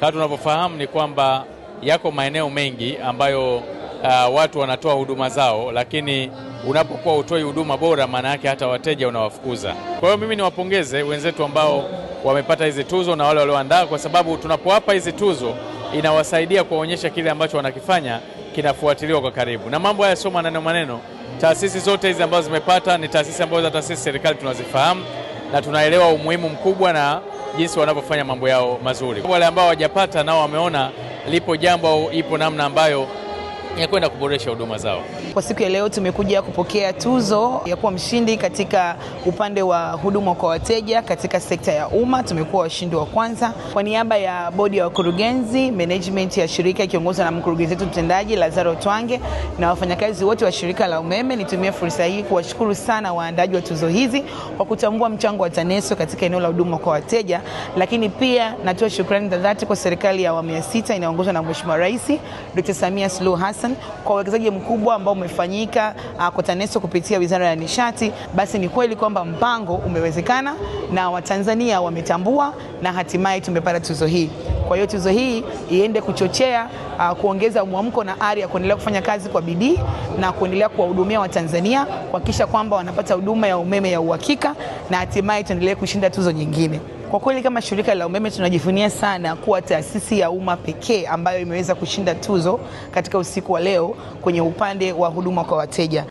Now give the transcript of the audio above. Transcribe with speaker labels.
Speaker 1: Kama tunavyofahamu ni kwamba yako maeneo mengi ambayo uh, watu wanatoa huduma zao, lakini unapokuwa utoi huduma bora, maana yake hata wateja unawafukuza. Kwa hiyo mimi niwapongeze wenzetu ambao wamepata hizi tuzo na wale walioandaa, kwa sababu tunapowapa hizi tuzo inawasaidia kuwaonyesha kile ambacho wanakifanya kinafuatiliwa kwa karibu, na mambo haya sio maneno maneno. Taasisi zote hizi ambazo zimepata ni taasisi ambazo za taasisi serikali tunazifahamu na tunaelewa umuhimu mkubwa na jinsi wanavyofanya mambo yao mazuri. Wale ambao hawajapata nao wameona lipo jambo au ipo namna ambayo ya kwenda kuboresha huduma zao.
Speaker 2: Kwa siku ya leo tumekuja kupokea tuzo ya kuwa mshindi katika upande wa huduma kwa wateja katika sekta ya umma. Tumekuwa washindi wa kwanza. Kwa niaba ya bodi ya wakurugenzi, management ya shirika ikiongozwa na mkurugenzi wetu mtendaji Lazaro Twange na wafanyakazi wote wa shirika la umeme, nitumie fursa hii kuwashukuru sana waandaji wa tuzo hizi kwa kutambua mchango wa TANESCO katika eneo la huduma kwa wateja, lakini pia natoa shukrani za dhati kwa serikali ya awamu ya sita inayoongozwa na Mheshimiwa Rais Dr. Samia Suluhu Hassan Hassan kwa uwekezaji mkubwa ambao umefanyika uh, kwa TANESCO kupitia Wizara ya Nishati, basi ni kweli kwamba mpango umewezekana na Watanzania wametambua na hatimaye tumepata tuzo hii. Kwa hiyo tuzo hii iende kuchochea uh, kuongeza mwamko na ari ya kuendelea kufanya kazi kwa bidii na kuendelea kuwahudumia Watanzania kuhakikisha kwamba wanapata huduma ya umeme ya uhakika na hatimaye tuendelee kushinda tuzo nyingine. Kwa kweli kama shirika la umeme tunajivunia sana kuwa taasisi ya umma pekee ambayo imeweza kushinda tuzo katika usiku wa leo kwenye upande wa huduma kwa wateja.